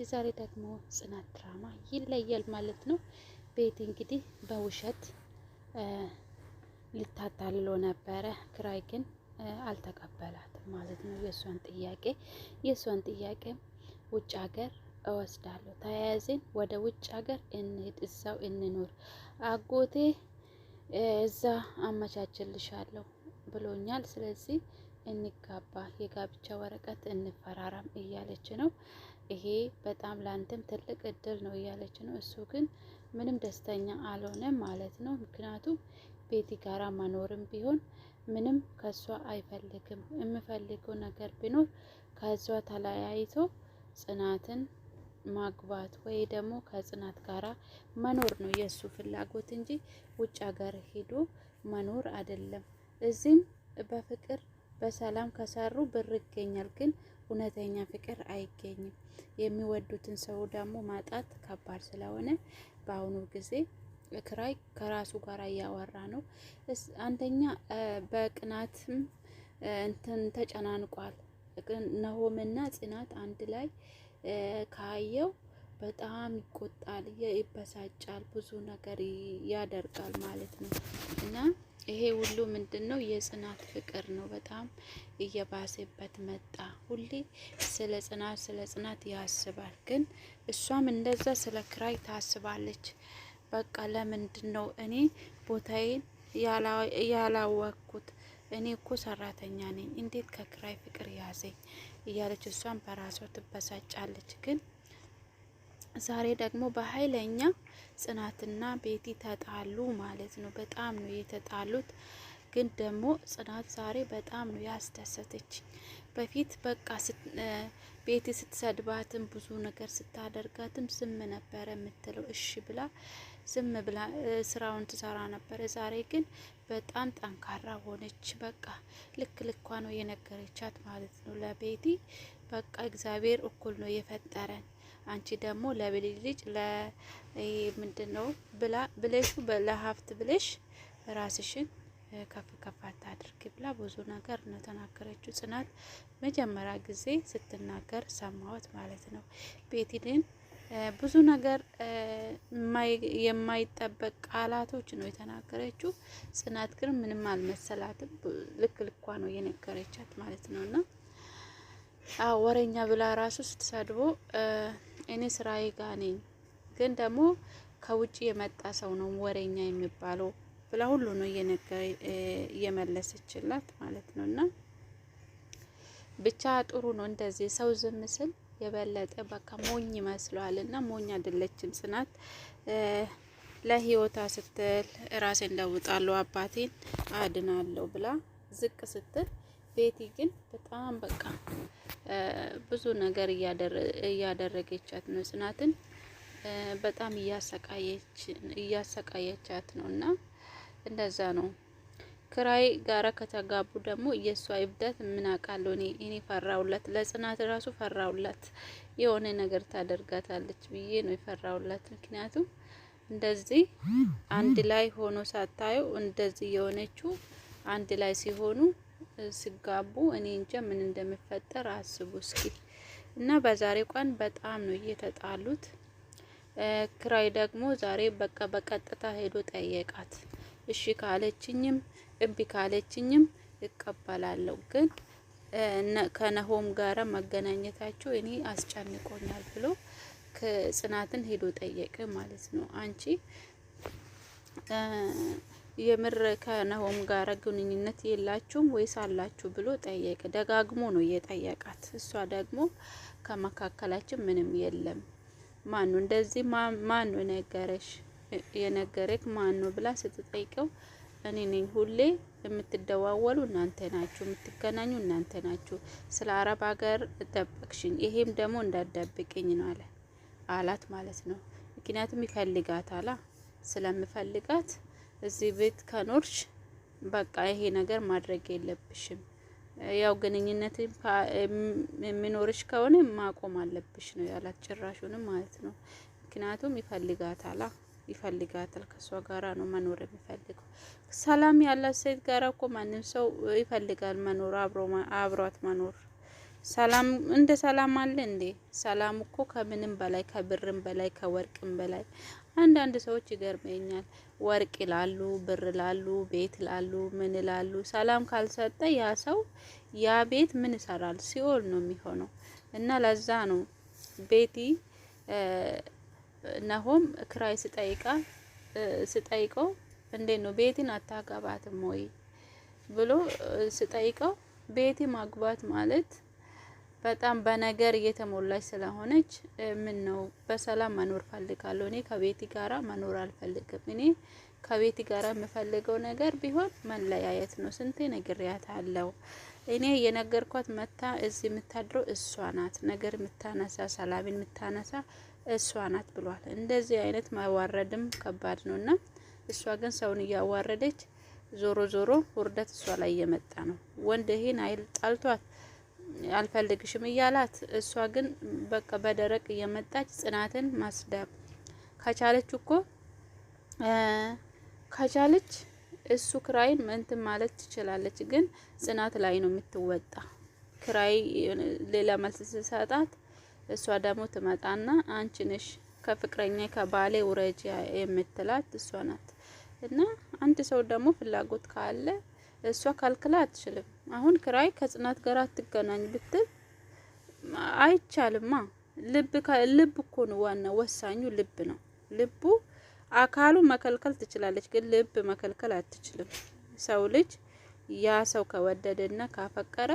የዛሬ ደግሞ ጽናት ድራማ ይለያል ማለት ነው። ቤት እንግዲህ በውሸት ልታታልሎ ነበረ። ክራይ ግን አልተቀበላትም ማለት ነው። የእሷን ጥያቄ የእሷን ጥያቄ ውጭ ሀገር እወስዳለሁ፣ ተያያዝን፣ ወደ ውጭ ሀገር እንሂድ፣ እዛው እንኖር፣ አጎቴ እዛ አመቻችልሻለሁ ብሎኛል። ስለዚህ እንጋባ፣ የጋብቻ ወረቀት እንፈራረም እያለች ነው። ይሄ በጣም ላንተም ትልቅ እድል ነው እያለች ነው። እሱ ግን ምንም ደስተኛ አልሆነም ማለት ነው። ምክንያቱም ቤቲ ጋራ መኖርም ቢሆን ምንም ከሷ አይፈልግም። የምፈልገው ነገር ቢኖር ከእሷ ተለያይቶ ጽናትን ማግባት ወይ ደግሞ ከጽናት ጋራ መኖር ነው የእሱ ፍላጎት እንጂ ውጭ ሀገር ሄዶ መኖር አይደለም። እዚህም በፍቅር በሰላም ከሰሩ ብር ይገኛል፣ ግን እውነተኛ ፍቅር አይገኝም። የሚወዱትን ሰው ደግሞ ማጣት ከባድ ስለሆነ በአሁኑ ጊዜ ክራይ ከራሱ ጋር እያወራ ነው። አንደኛ በቅናትም እንትን ተጨናንቋል። ነሆምና ጽናት አንድ ላይ ካየው በጣም ይቆጣል፣ ይበሳጫል፣ ብዙ ነገር ያደርጋል ማለት ነው እና ይሄ ሁሉ ምንድን ነው? የጽናት ፍቅር ነው። በጣም እየባሰበት መጣ። ሁሌ ስለ ጽናት ስለ ጽናት ያስባል። ግን እሷም እንደዛ ስለ ክራይ ታስባለች። በቃ ለምንድን ነው እኔ ቦታዬን ያላወቅኩት? እኔ እኮ ሰራተኛ ነኝ፣ እንዴት ከክራይ ፍቅር ያዘኝ? እያለች እሷም በራሷ ትበሳጫለች ግን ዛሬ ደግሞ በኃይለኛ ጽናትና ቤቲ ተጣሉ ማለት ነው። በጣም ነው የተጣሉት። ግን ደግሞ ጽናት ዛሬ በጣም ነው ያስደሰተች። በፊት በቃ ቤቲ ስትሰድባትም ብዙ ነገር ስታደርጋትም ዝም ነበረ የምትለው። እሺ ብላ ዝም ብላ ስራውን ትሰራ ነበረ። ዛሬ ግን በጣም ጠንካራ ሆነች። በቃ ልክ ልኳ ነው የነገረቻት ማለት ነው ለቤቲ። በቃ እግዚአብሔር እኩል ነው የፈጠረን አንቺ ደግሞ ለብልጅ ልጅ ምንድን ነው ብለሹ ለሀብት ብለሽ ራስሽን ከፍ ከፍ አታድርግ ብላ ብዙ ነገር ነው ተናገረችው። ጽናት መጀመሪያ ጊዜ ስትናገር ሰማሁት ማለት ነው። ቤቲድን ብዙ ነገር የማይጠበቅ ቃላቶች ነው የተናገረችው። ጽናት ግን ምንም አልመሰላትም። ልክ ልኳ ነው የነገረቻት ማለት ነው። እና ወረኛ ብላ ራሱ ስትሰድቦ እኔ ስራዬ ጋ ነኝ፣ ግን ደግሞ ከውጭ የመጣ ሰው ነው ወሬኛ የሚባለው ብላ ሁሉ ነው እየመለሰችላት ማለት ነው። እና ብቻ ጥሩ ነው እንደዚህ ሰው ዝም ስል የበለጠ በቃ ሞኝ ይመስለዋል። እና ሞኝ አይደለችም ጽናት ለህይወቷ ስትል ራሴን ለውጣለሁ አባቴን አድናለሁ ብላ ዝቅ ስትል ቤቲ ግን በጣም በቃ ብዙ ነገር እያደረገቻት ነው። ጽናትን በጣም እያሰቃየቻት ነው እና እንደዛ ነው። ክራይ ጋራ ከተጋቡ ደግሞ የእሷ እብደት ምን አውቃለሁ እኔ እኔ ፈራውላት። ለጽናት ራሱ ፈራውላት የሆነ ነገር ታደርጋታለች ብዬ ነው የፈራውላት። ምክንያቱም እንደዚህ አንድ ላይ ሆኖ ሳታዩ እንደዚህ የሆነችው አንድ ላይ ሲሆኑ ሲጋቡ እኔ እንጃ ምን እንደሚፈጠር አስቡ እስኪ። እና በዛሬ ቀን በጣም ነው እየተጣሉት። ክራይ ደግሞ ዛሬ በቃ በቀጥታ ሄዶ ጠየቃት። እሺ ካለችኝም እምቢ ካለችኝም እቀበላለሁ፣ ግን ከነሆም ጋራ መገናኘታቸው እኔ አስጨንቆኛል ብሎ ጽናትን ሄዶ ጠየቀ ማለት ነው አንቺ የምር ከነሆም ጋር ግንኙነት የላችሁም ወይስ አላችሁ ብሎ ጠየቀ። ደጋግሞ ነው የጠየቃት። እሷ ደግሞ ከመካከላችን ምንም የለም ማን ነው እንደዚህ ማን ነው ነገረሽ የነገረክ ማን ነው ብላ ስትጠይቀው እኔ ነኝ ሁሌ የምትደዋወሉ እናንተ ናችሁ፣ የምትገናኙ እናንተ ናችሁ። ስለ አረብ ሀገር ጠበቅሽኝ፣ ይሄም ደግሞ እንዳደብቅኝ ነው አለ አላት ማለት ነው። ምክንያቱም አላ ስለምፈልጋት እዚህ ቤት ከኖርሽ በቃ ይሄ ነገር ማድረግ የለብሽም። ያው ግንኙነት የሚኖርሽ ከሆነ ማቆም አለብሽ ነው ያላት፣ ጭራሹንም ማለት ነው። ምክንያቱም ይፈልጋታል ይፈልጋታል ከሷ ጋራ ነው መኖር የሚፈልገው። ሰላም ያላት ሴት ጋራ እኮ ማንም ሰው ይፈልጋል መኖር፣ አብሯት መኖር። ሰላም እንደ ሰላም አለ እንዴ? ሰላም እኮ ከምንም በላይ ከብርም በላይ ከወርቅም በላይ አንዳንድ ሰዎች ይገርመኛል። ወርቅ ይላሉ፣ ብር ይላሉ፣ ቤት ይላሉ፣ ምን ይላሉ። ሰላም ካልሰጠ ያ ሰው ያ ቤት ምን ይሰራል? ሲኦል ነው የሚሆነው። እና ለዛ ነው ቤቲ ነሆም ክራይ ስጠይቃ ስጠይቀው እንዴት ነው ቤቲን አታገባትም ወይ ብሎ ስጠይቀው ቤቲ ማግባት ማለት በጣም በነገር እየተሞላች ስለሆነች ምን ነው በሰላም መኖር ፈልጋለሁ። እኔ ከቤቲ ጋራ መኖር አልፈልግም። እኔ ከቤቲ ጋራ የምፈልገው ነገር ቢሆን መለያየት ነው። ስንቴ ነግሬያት አለው። እኔ የነገርኳት መታ እዚህ የምታድረው እሷ ናት፣ ነገር የምታነሳ ሰላምን የምታነሳ እሷ ናት ብሏል። እንደዚህ አይነት ማዋረድም ከባድ ነው እና እሷ ግን ሰውን እያዋረደች ዞሮ ዞሮ ውርደት እሷ ላይ እየመጣ ነው። ወንድ ይሄን አይል ጣልቷት አልፈልግሽም እያላት እሷ ግን በቃ በደረቅ እየመጣች ጽናትን ማስዳብ ከቻለች እኮ ከቻለች እሱ ክራይን እንትን ማለት ትችላለች። ግን ጽናት ላይ ነው የምትወጣ። ክራይ ሌላ መልስ ስሰጣት እሷ ደግሞ ትመጣና አንቺ ነሽ ከፍቅረኛ ከባሌ ውረጅ የምትላት እሷ ናት። እና አንድ ሰው ደግሞ ፍላጎት ካለ እሷ ከልክላ አትችልም። አሁን ክራይ ከጽናት ጋር አትገናኝ ብትል አይቻልማ። ልብ ልብ እኮ ነው ዋና ወሳኙ ልብ ነው። ልቡ አካሉ መከልከል ትችላለች፣ ግን ልብ መከልከል አትችልም። ሰው ልጅ ያ ሰው ከወደደና ካፈቀረ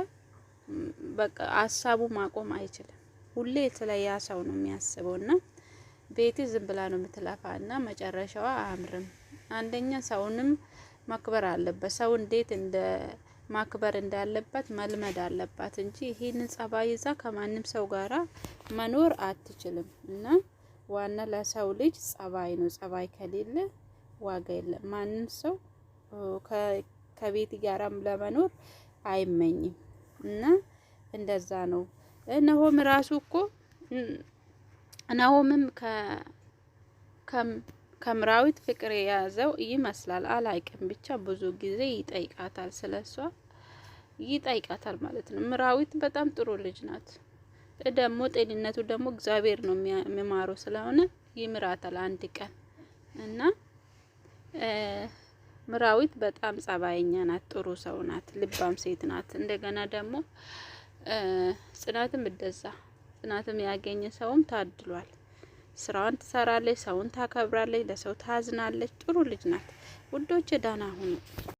በቃ ሀሳቡ ማቆም አይችልም። ሁሌ ስለ ያ ሰው ነው የሚያስበውና ቤቴ ዝም ብላ ነው የምትለፋ እና መጨረሻዋ አያምርም። አንደኛ ሰውንም መክበር አለበት ሰው እንዴት እንደ ማክበር እንዳለባት መልመድ አለባት እንጂ ይህንን ጸባይ ይዛ ከማንም ሰው ጋራ መኖር አትችልም። እና ዋና ለሰው ልጅ ጸባይ ነው። ጸባይ ከሌለ ዋጋ የለም። ማንም ሰው ከቤት ጋራም ለመኖር አይመኝም። እና እንደዛ ነው። ነሆም ራሱ እኮ ነሆምም ከምራዊት ፍቅር የያዘው ይመስላል። አላይቅም ብቻ ብዙ ጊዜ ይጠይቃታል፣ ስለሷ ይጠይቃታል ማለት ነው። ምራዊት በጣም ጥሩ ልጅ ናት። ደግሞ ጤንነቱ ደግሞ እግዚአብሔር ነው የሚማረው ስለሆነ ይምራታል አንድ ቀን እና ምራዊት በጣም ጸባይኛ ናት፣ ጥሩ ሰው ናት፣ ልባም ሴት ናት። እንደገና ደግሞ ጽናትም እደዛ ጽናትም ያገኘ ሰውም ታድሏል። ስራዋን ትሰራለች፣ ሰውን ታከብራለች፣ ለሰው ታዝናለች። ጥሩ ልጅ ናት። ውዶች ዳና ሁኑ።